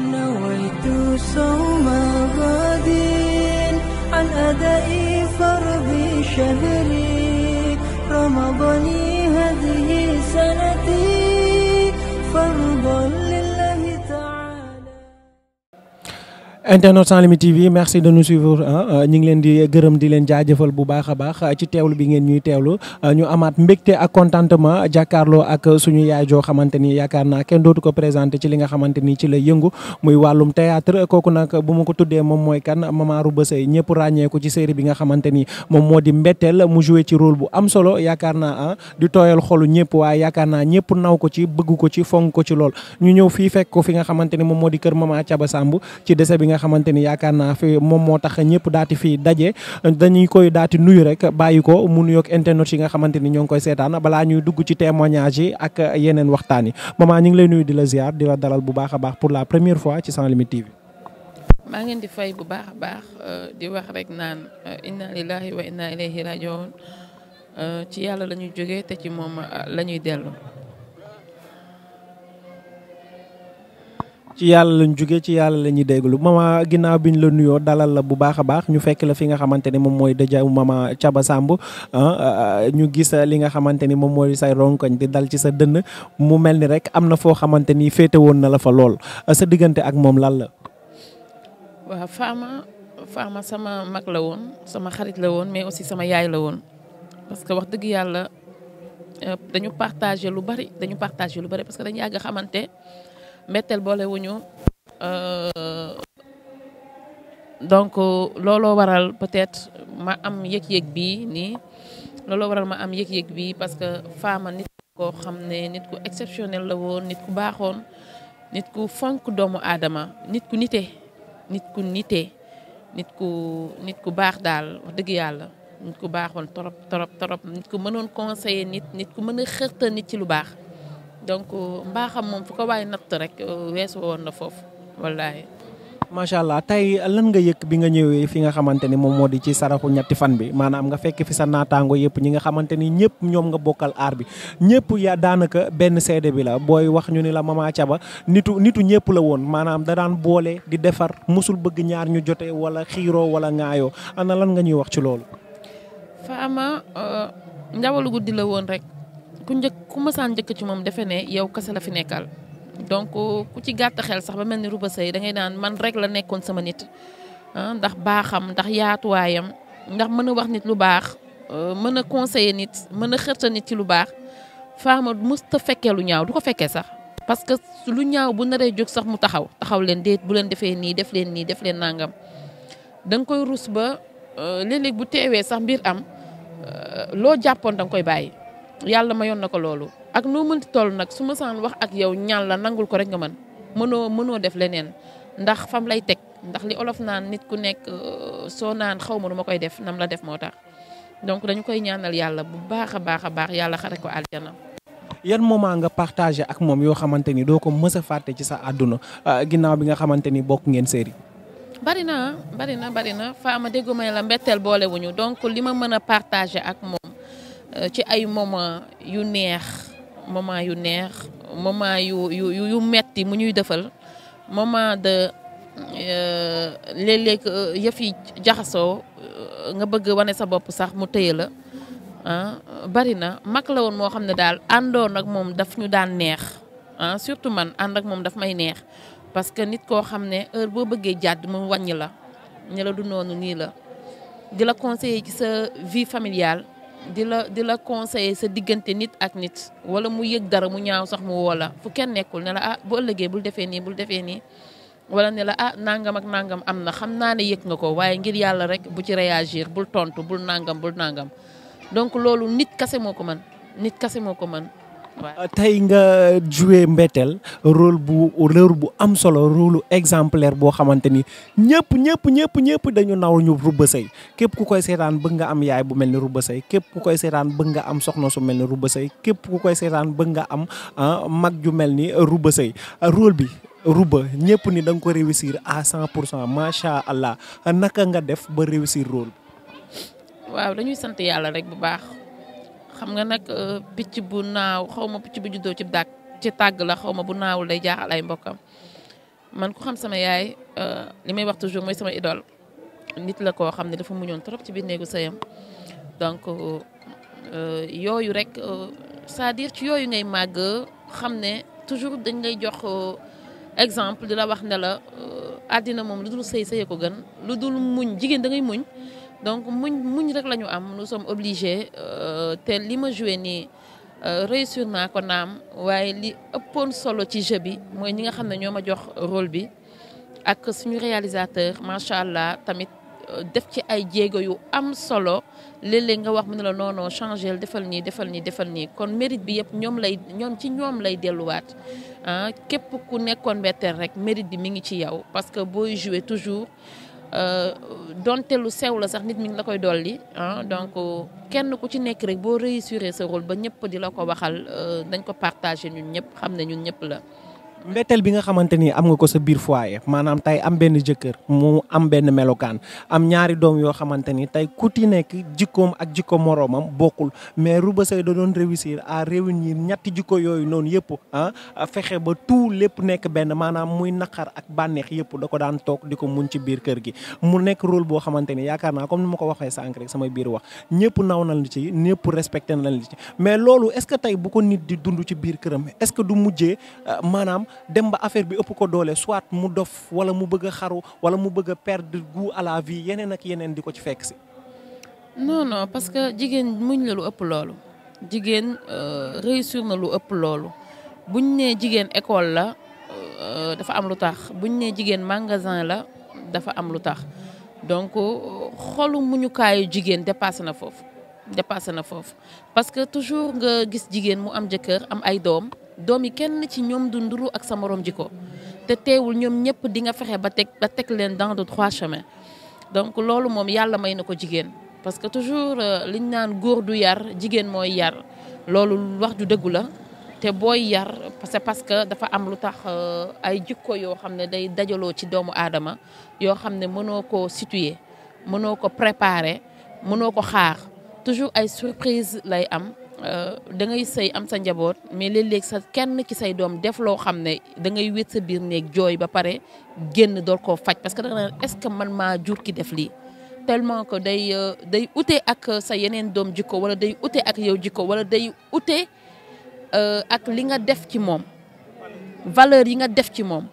نويت صوم غد عن أداء فرض شهري رمضان هذه سنتي internet san limite TV merci de nous suivre euh, ñu ngi leen di gërëm di leen jaajëfal bu baax a baax euh, ci teewlu bi ngeen ñuy teewlu euh, ñu amaat mbégte ak contentement jàkkaarloo ak suñu yaay joo xamante ni yaakaar naa kenn dootu ko présenté ci li nga xamante ni ci la yëngu muy wàllum théâtre kooku nag bu ma ko tuddee moom mooy kan Mama Rouba Seye ñëpp ràññee ko ci série bi nga xamante ni moom moo di mbetteel mu joué ci rôle bu am solo yaakaar naa di tooyal xolu ñëpp waaye yaakaar naa ñëpp naw ko ci bëgg ko ci fonk ko ci lool ñu ñëw fii fekk ko fi nga xamante ni moom moo di kër Mama Thiaba Samb ci dese bi nga xamante ni yaakaar naa fi moom moo tax ñëpp daati fii daje dañuy koy daati nuyu rek bàyyi ko mu nuyoog internet yi nga xamante ni ñoo ngi koy seetaan balaa ñuy dugg ci témoignage yi ak yeneen waxtaan yi maman ñu lay nuyu di la ziar di la dalal bu baax a baax pour la première fois ci Sans Limites TV. maa ngeen di fay bu baax a baax euh, di wax rek naan euh, inna lillahi wa inna ilayhi rajiun euh, ci yàlla la ñuy te ci moom la ñuy dellu. ci yàlla lañ jóge ci yàlla la ñuy déglu mama ginnaaw bi ñu la nuyoo dalal la bu baax a baax ñu fekk la fi nga xamante ni moom mooy dëjaaw mama Thiaba Samb ah, ah, ñu gis li nga xamante ni moom mooy say ronkoñ di dal ci sa dënn mu mel ni rek am na foo xamante ni féete woon na la fa lool ah, sa diggante ak moom lan la. waaw Fama Fama sama mag la woon sama xarit la woon mais aussi sama yaay la woon parce que wax dëgg yàlla euh, dañu partagé lu bari dañu partagé lu bari parce que dañu yàgg xamante. mbetteel boole wuñu euh, donc looloo waral peut-être ma am yëg-yëg bi nii looloo waral ma am yëg-yëg bii parce que Fama nit koo xam ne nit ku exceptionnel la woon nit ku baaxoon nit ku fonk doomu aadama nit ku nite nit ku nite nit ku nit ku baax daal wax dëgg yàlla nit ku baaxoon torop torop torop nit ku mënoon conseiller nit nit ku mën a xërtal nit ci lu baax donc euh, xam moom fu ko waay natt rek euh, weesu woon na foofu wallaahi. macha allah tey lan nga yëkk bi nga ñëwee fi nga xamante ni moom moo di ci saraxu ñetti fan bi maanaam nga fekk fi sa naataango yëpp ñi nga xamante ni ñëpp ñoom nga bokkal aar bi ñëpp ya daanaka benn seede bi la booy wax ñu ni la mama caba nitu nitu ñëpp la woon maanaam da daan boole di defar musul bëgg ñaar ñu jote wala xiiroo wala ŋaayoo ana lan nga ñuy wax ci loolu. faama euh, njabalu guddi ku njëkk ku mësaan njëkk ci moom defe ne yow kese la fi nekkal donc ku ci gàtt xel sax ba mel ni Rouba Seye da ngay naan man rek la nekkoon sama nit ah, ndax baaxam ndax yaatuwaayam ndax mën a wax nit lu baax euh, mën a conseiller nit mën a xërta nit ci lu baax Fama musta fekkee lu ñaaw du ko fekkee sax parce que lu ñaaw bu naree jóg sax mu taxaw taxaw leen déet bu leen defee nii def leen nii def leen nangam da koy ruus ba euh, léeg bu teewee sax mbir am euh, loo jàppoon da koy bàyyi yàlla mayoon na ko loolu ak noo mënti toll nag su ma saan wax ak yow ñaan la nangul ko rek nga mën mënoo mënoo def leneen ndax fam lay teg ndax li olof naan nit ku nekk euh, soo naan xaw ma nu koy def nam la def moo tax donc dañu koy ñaanal yàlla bu baax a baax a baax yàlla xare ko aljana yan moment nga partagé ak moom yoo xamante ni doo ko mës a fàtte ci sa àdduna ah, ginnaaw bi nga xamante ni bokk ngeen série bari na bari na bari na faama la mbetteel boolewuñu donc li ma mën a ak moom Euh, ci ay moment yu neex moment yu neex moment yu yu yu metti mu ñuy defal moment de euh, léeg-léeg euh, yëf yi jaxasoo nga bëgg wane sa bopp sax mu téye la ah bari na mag la woon moo xam ne daal àndoon ak moom daf ñu daan neex ah surtout man ànd ak moom daf may neex parce que nit koo xam ne heure boo bëggee jàdd mu wàññi la ne la du noonu nii la di la conseiller ci sa vie familial di la di la conseiller sa diggante nit ak nit wala mu yëg dara mu ñaaw sax mu woo la fu kenn nekkul ne la ah bu ëllëgee bul defee nii bul defee nii wala ne la ah nangam ak nangam am na xam naa ne yëg nga ko waaye ngir yàlla rek bu ci réagir bul tontu bul nangam bul nangam donc loolu nit kase moo ko man nit kase moo ko man Euh, tey nga joué Mbetteel rôle bu rôle bu am solo rôle exemplaire boo xamante ni ñëpp ñëpp ñëpp ñëpp dañu naw ñu Rouba Seye képp ku koy seetaan bëgg nga am yaay bu mel ni Rouba Seye képp ku koy seetaan bëgg nga am soxna su mel ni Rouba Seye képp ku koy seetaan bëgg nga am ah, mag ju mel ni Rouba Seye euh, rôle bi Rouba ñëpp ni da nga ko réussir à cent pour cent macha allah naka nga def ba réussir rôle waaw dañuy sant yàlla rek bu baax. xam nga nag euh, picc bu naaw xaw ma picc bu juddoo ci dàkk ci tàgg la xaw ma bu naawul day jaaxal ay mbokkam man ku xam sama yaay euh, li may wax toujours mooy sama idole nit la koo xam ne dafa muñoon trop ci biir néegu sëyam donc euh, yooyu rek cest à ci yooyu ngay màgg xam ne toujours dañ lay jox exemple di la wax ne la àddina moom lu dul sëy sëye ko gën lu dul muñ jigéen da ngay muñ donc muñ muñ rek la ñu am nous sommes obligés euh, te li ma joué nii euh, réussir naa ko naam waaye li ëppoon solo ci jeu bi mooy ñi nga xam ne ñoo ma jox role bi ak suñu réalisateur macha allah tamit euh, def ci ay jéego yu am solo léeg nga wax mu ne la noonoo non changé defal nii defal nii defal nii kon mérit bi yëpp ñoom lay ñoom ci ñoom lay delluwaat ah képp ku nekkoon mbetteel rek mérit bi mi ngi ci yow parce booy jouer toujours. Euh, donte lu sew la sax nit mi la koy dolli ah donc kenn ku ci nekk rek boo réussir sa rôle ba ñëpp di la ko waxal dañ euh, ko partager ñun ñëpp xam ne ñun ñëpp la. mbetteel bi nga xamante ni am nga ko sa biir foyer maanaam tey am benn jëkkër mu am benn melokaan am ñaari doom yoo xamante ni tey ku ci nekk jikkoom ak jikko moroomam bokkul mais ruba Seye da doon réussir à réunir ñetti jikko yooyu noonu yëpp ah fexe ba tout lépp nekk benn maanaam muy naqar ak bànneex yëpp da ko daan toog di ko muñ ci biir kër gi mu nekk rôle boo xamante ni yaakaar naa comme ni ma ko waxee sànq rek sama biir wax ñëpp naw nañ li ci ñëpp respecté nañ li mais loolu est-ce que tey bu nit di dund ci biir këram est-ce que du mujjee euh, maanaam dem ba affaire bi ëpp ko doole soit mu dof wala mu bëgg xaru wala mu bëgg a perdre goût à la vie yeneen ak yeneen di ko ci fekk si. non non parce que jigéen muñ la lu ëpp loolu. jigéen euh, réussir na lu ëpp loolu buñ nee jigéen école la euh, dafa am lu tax buñ nee jigéen magasin la dafa am lu tax donc euh, xolu muñukaayu jigéen dépassé na foofu dépassé na foofu parce que toujours nga gis jigéen mu am jëkkër am ay doom. doom yi kenn ci ñoom du ak sa moroom ji ko te teewul ñoom ñëpp di nga fexe ba teg ba teg leen dans de trois chemins donc loolu moom yàlla may na ko jigéen parce que toujours euh, liñ naan góor du yar jigéen mooy yar loolu wax ju dëggu la te booy yar c'est parce que dafa am lu tax euh, ay jikko yoo xam ne day dajaloo ci doomu aadama yoo xam ne mënoo ko situer mënoo ko préparer mënoo ko xaar toujours ay surprise lay am Euh, da ngay sëy am sa njaboot mais léeg-léeg sa kenn ci say doom def loo xam ne da ngay wét sa biir néeg jooy ba pare génn door koo faj parce que da nga est-ce que man maa jur ki def lii tellement ko day euh, day ute ak sa yeneen doom jikko wala day ute ak yow jikko wala day ute euh, ak li nga def ci moom valeur yi nga def ci moom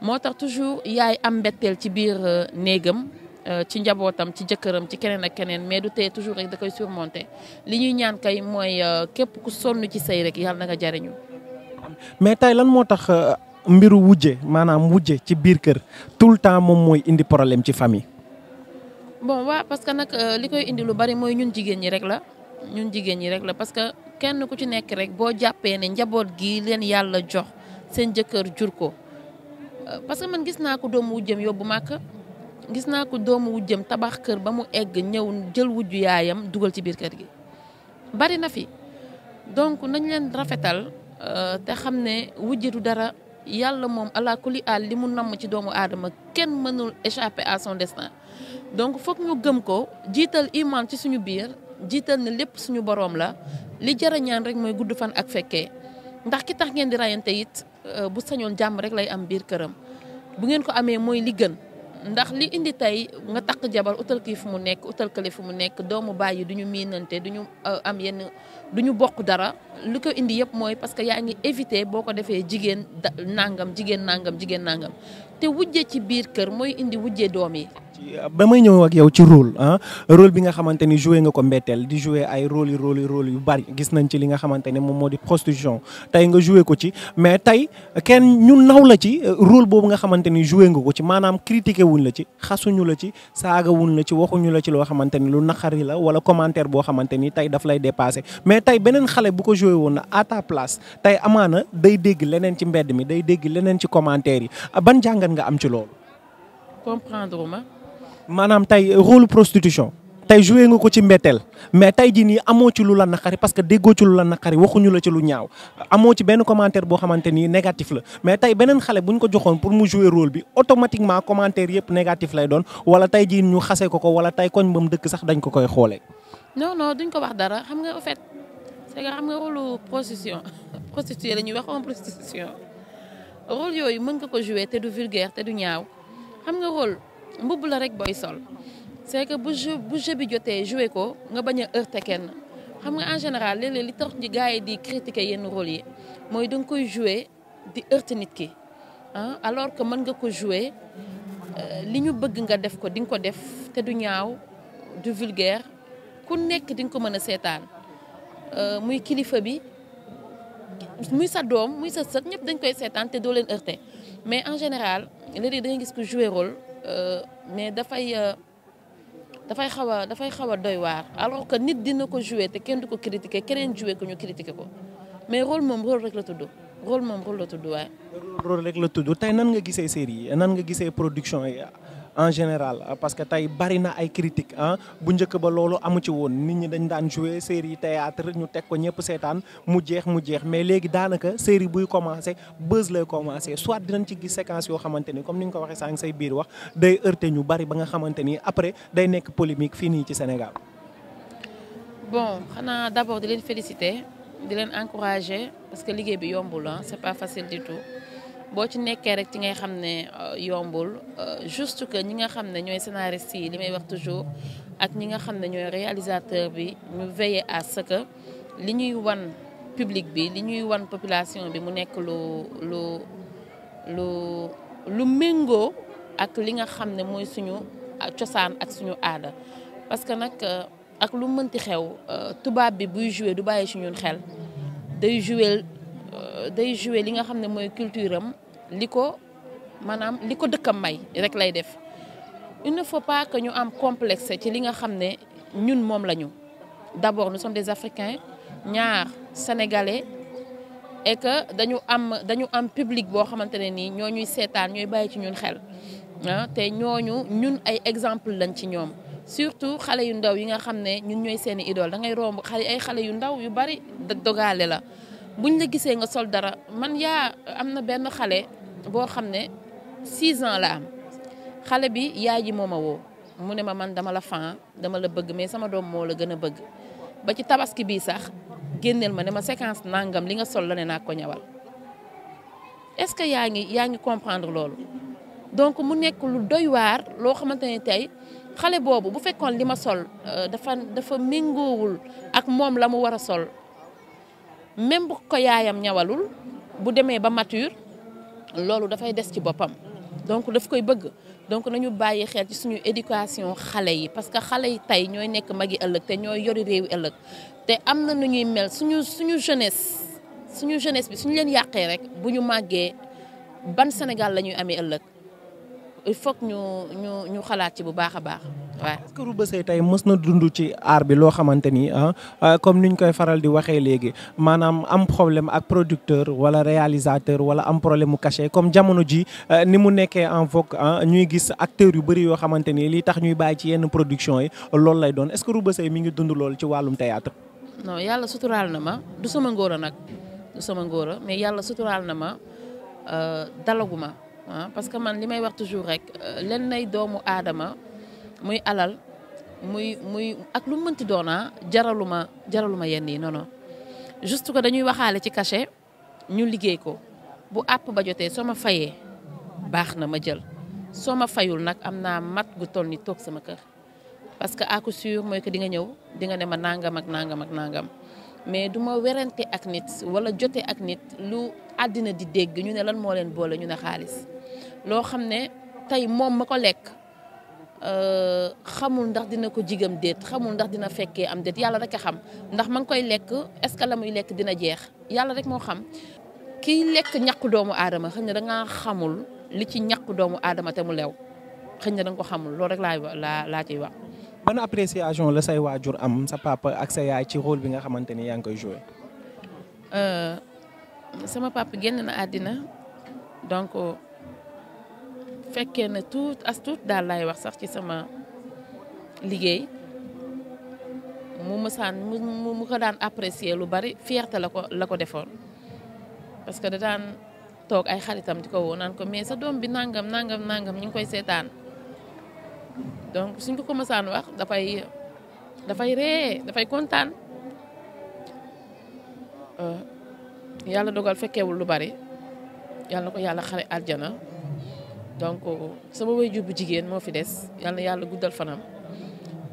moo tax toujours yaay am mbetteel ci biir néegam Euh, ci njabootam ci jëkkëram ci keneen ak keneen mais du tee toujours rek da koy surmonter li ñuy ñaan kay mooy euh, képp ku sonn ci sëy rek yàlla na nga jariñu mais tey lan moo tax euh, mbiru wujje maanaam wujje ci biir kër tout le temps moom mooy indi problème ci famille. bon waaw parce que nag li koy indi lu bari mooy ñun jigéen ñi rek la ñun jigéen ñi rek la parce que kenn ku ci nekk rek boo jàppee ne njaboot gi leen yàlla jox seen jëkkër jur ko parce que man gis naa ko doomu wujjam yóbbu màkk gis naa ko doomu wujjam tabax kër ba mu egg ñëw jël wujju yaayam dugal ci biir kër gi bari na fi donc nañ leen rafetal euh, te xam ne wujje du dara yàlla moom ala kuli aal li mu namm ci doomu aadama kenn mënul échape à son destin donc foog ñu gëm ko jiital iman ci suñu biir jiital ne lépp suñu boroom la li jara ñaan rek mooy gudd fan ak fekkee ndax ki tax ngeen di rayante it euh, bu sañoon jàmm rek lay am biir këram bu ngeen ko amee mooy li gën ndax li indi tey nga takk jabar utal kii fu mu nekk utal kële fu mu nekk doomu baay yi du ñu miinante du ñu euh, am yenn du ñu bokk dara li ko indi yëpp mooy parce que yaa ngi éviter boo ko defee jigéen nangam jigéen nangam jigéen nangam te wujje ci biir kër mooy indi wujje doom yi. ba may ñëw ak yow ci rôle ah rôle bi nga xamante ni joué nga ko mbetteel di joué ay rôle yu role yu rôle yu bari gis nañ ci li nga xamante ne moom moo di tey nga joué ko ci mais tey kenn ñu naw la ci euh, rôle boobu nga xamante ni joué nga ko ci maanaam critiqué wuñ la ci xasuñu la ci saaga wuñ la ci waxuñu la ci loo xamante ni lu naqari la wala commentaire boo xamante ni tey daf lay dépassé mais tey beneen xale bu ko joué woon na à ta place tey amaana day dégg leneen ci mbedd mi day dégg leneen ci commentaire yi ban jàngat nga am ci loolu maanaam tey rôle prostitution tey joué nga ko ci mbetteel mais tey jii nii amoo ci lu la naqari parce que déggoo ci lu la naqari waxuñu la ci lu ñaaw amoo ci benn commentaire boo xamante ni négatif la mais tey beneen xale bu ko joxoon pour mu jouer rôle bi automatiquement commentaire yëpp négatif lay doon wala tey jii ñu xasee ko ko wala tey koñ ba mu dëkk sax dañ ko koy xoolee. non non duñ ko wax dara xam nga en fait c'est que xam nga rôle prostitution prostituée la ñuy wax en prostitution rôle yooyu mën nga ko jouer te du vulgaire te du ñaaw xam nga rôle. mbubb la rek booy sol c'est que bu jeu bu bi jotee joué ko nga bañ a heurter kenn xam nga en général léeg li tax ñi gars yi di critiquer yenn rôle yi mooy da nga koy joué di heurter nit ki ah alors que mën nga ko joué euh, li ñu bëgg nga def ko di nga ko def te du ñaaw du vulgaire ku nekk di nga ko mën a seetaan euh, muy kilifa bi muy sa doom muy sa sët ñëpp dañ koy seetaan te doo leen heurter mais en général léeg-léeg gis ko joué rôle. Euh, mais dafay euh, dafay xaw a dafay xaw a doy waar alors que nit dina ko jouer te kenn du ko critiquer keneen jouer ko ñu critiquer ko mais rôle moom rôle rek la tudd rôle moom rôle la tudd waaye. rôle rek la tudd tey nan nga gisee série yi nan nga gisee production yi en général ah, parce que tey bari na ay critique ah, bu njëkk ba loolu amu ci woon nit ñi dañ daan jouer série théâtre ñu teg ko ñëpp seetaan mu jeex mu jeex mais léegi daanaka série buy commencé buzz lay commencé soit dinañ ci gis séquence yoo xamante ni comme ni nga ko waxee sànq say biir wax day heurter ñu bari ba nga xamante ni après day nekk polémique fii nii ci Sénégal. bon xanaa d'abord di leen féliciter di leen encourager parce que liggéey bi yomb ah c'est boo ci nekkee rek ci ngay xam ne euh, yombul euh, juste que ñi nga xam ne ñooy scénariste yi li may wax toujours ak ñi nga xam ne ñooy réalisateur bi ñu veiller à ce li ñuy wan public bi li ñuy wan population bi mu nekk lu lu lu lu méngoo ak li nga xam ne mooy suñu euh, cosaan ak suñu aada parce que nag ak lu mënti xew tubaab bi buy jouer du bàyyi ci ñun xel day jouer day jouer li nga xam ne mooy culture am li ko maanaam li ko dëkkam may rek lay def il faut pas que ñu am complexe ci li nga xam ne ñun moom lañu d'abord nous sommes des Africains ñaar sénégalais et que dañu am dañu am public boo xamante ne nii ñoo ñuy seetaan ñooy bàyyi ci ñun xel ah te ñooñu ñun ay exemple lañ ci ñoom surtout xale yu ndaw yi nga xam ne ñun ñooy seeni idole da ngay romb ay xale yu ndaw yu bari dogaale la buñ la gisee nga sol dara man yaa am na benn xale boo xam ne six ans la am xale bi yaay ji moo ma woo mu ne ma man dama la fan dama la bëgg mais sama doom moo la gën a bëgg ba ci tabaski bii sax génneel ma ne ma séquence nangam li nga sol la ne naa ko ñawal est-ce que yaa ngi yaa ngi comprendre loolu donc mu nekk lu doy waar loo xamante ne tey xale boobu bu fekkoon li ma sol euh, dafa dafa méngoowul ak moom la mu war a sol même bu ko yaayam ñawalul bu demee ba mature loolu dafay des ci boppam donc daf koy bëgg donc nañu bàyyi xel ci suñu éducation xale yi parce que xale yi tey ñooy nekk magi ëllëg te ñooy yori réewi ëllëg te am na nu ñuy mel suñu suñu jeunesse suñu jeunesse bi suñu leen yàqee rek bu ñu màggee ban Sénégal lañuy ñuy amee ëllëg il faut ñu ñu ñu xalaat ci bu baax a baax waaw est-ce que Rouba tey mës na dund ci aar bi loo xamante ni ah, ah, comme ni ñu koy faral di waxee léegi maanaam am problème ak producteur wala réalisateur wala am problème mu cachet comme jamono ji ah, ni mu nekkee en vogue ñuy gis acteurs yu bëri yoo xamante ni lii tax ñuy bàyyi ci yenn production yi loolu lay doon est-ce que Rouba Seye mi ngi dund lool ci wàllum théâtre non yàlla suturaal na ma du sama ngóora nag du sama ngóora mais yàlla suturaal na ma euh, dalaguma parce que man li may wax toujours rek euh, len doomu aadama muy alal muy muy ak lu mu mënti doona ah, jaraluma jaraluma yenn yi non non juste que dañuy waxaale ci cachet ñu liggéey ko bu àpp ba jotee soo ma fayee baax na ma jël soo ma fayul nag am naa mat gu toll ni toog sama kër parce que à coup mooy que di nga ñëw di nga ne ma nàngam ak nangam ak nangam mais du ma werante ak nit wala jote ak nit lu àddina di dégg ñu ne lan moo leen boole ñu ne xaalis loo xam ne tey moom ma ko lekk Euh, xamul ndax dina ko jigam déet xamul ndax dina fekkee am déet yàlla rek a xam ndax ma ngi koy lekk est-ce que la muy lekk dina jeex yàlla rek moo xam kiy lekk ñàkku doomu aadama xëy na danga xamul li ci ñàkku doomu aadama te mu lew xëy na da ko xamul loolu rek laay laa laa ciy wax. ban appréciation la say waajur am sa papa ak sa yaay ci rôle bi nga xamante ni yaa ngi koy joué. Euh, àddina fekkee na tuut as tuut daal laay wax sax ci sama liggéey mu mësaan mu mu ko daan apprécier lu bari fierté la ko la ko defoon parce que da daan toog ay xaritam di ko woo naan ko mais sa doom bi nangam nangam nangam ñu ngi koy seetaan donc suñ ko ko mësaan wax dafay dafay ree dafay kontaan euh, yàlla dogal fekkewul lu bari yàlla ko yàlla xare aljana donc sama waajur bu jigéen moo fi des yàlla yàlla guddal fanaam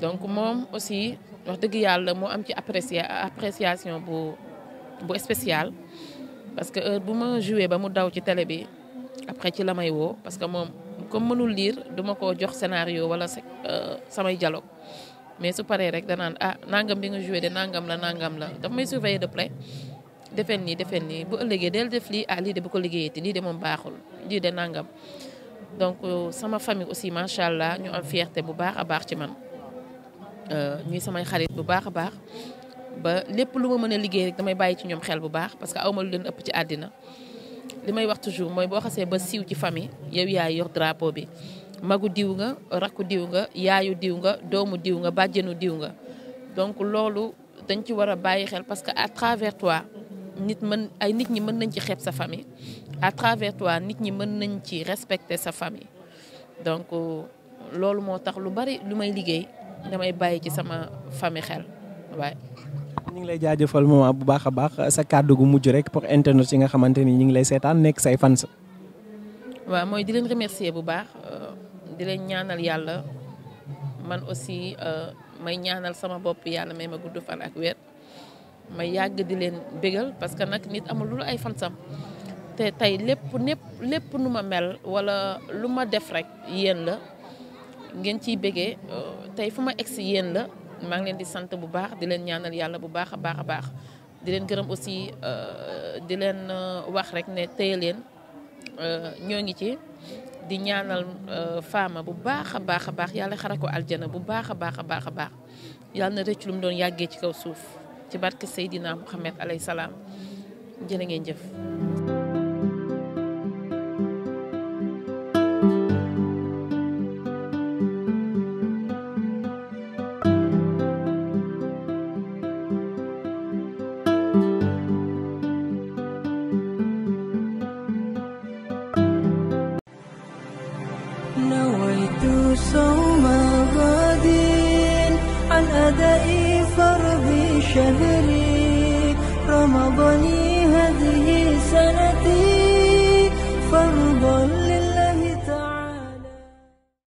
donc moom aussi wax dëgg yàlla moo am ci apprécié appréciation bu bu spécial parce que heure bu ma joué ba mu daw ci télé bi après ci la may woo parce que moom comme mënul liir duma ko jox scénario wala euh, samay dialogue mais su paree rek danaan ah nangam bi nga joué de nangam la nangam la daf may surveiller de près defeel nii defee nii bu ëllëgee del def lii ah lii de bu ko liggéeyati lii de moom baaxul lii de nangam donc euh, sama famille aussi macha allah ñu am fierté bu baax a baax ci man euh, ñuy samay xarit bu baax a baax ba lépp lu ma mën a liggéey rek damay bàyyi ci ñoom xel bu baax parce que aw ma lu leen ëpp ci àddina li may wax toujours mooy boo xasee ba siiw ci famille yow yaay yor drapeau bi magu diw nga rakku diw nga yaayu diw nga doomu diw nga bàjjenu diw nga donc loolu dañ ci war a bàyyi xel parce que à nit mën ay nit ñi mën nañ ci xeeb sa famille à travers toi nit ñi mën nañ ci respecter sa famille donc euh, loolu moo tax lu bari lu may liggéey damay bàyyi ci sama famille xel waaye. ñu ngi lay jaajëfal maman bu baax a baax sa kàddu gu mujj rek pour internet yi nga xamante ni ñu ngi lay seetaan nekk say fans. waa mooy di leen remercier bu baax euh, di leen ñaanal yàlla man aussi euh, may ñaanal sama bopp yàlla may ma gudd fan ak wér. ma yàgg di leen bégal parce que nag nit amul lu ay fansam te tey lépp népp lépp nu ma mel wala lu ma def rek yéen la ngeen ci béggee euh, tey fu ma egsi yéen la maa ngi leen di sant bu baax di leen ñaanal yàlla bu baax a baax a baax di leen gërëm aussi euh, di leen euh, wax rek ne téye leen ñoo ngi ci di ñaanal faama bu baax a baax a baax yàlla xara ko aljana bu baax a baax baax a baax yàlla na rëcc lu mu doon yàggee ci kaw suuf ci barke Seydina Mouhamed aley salaam jërë ngeen jëf.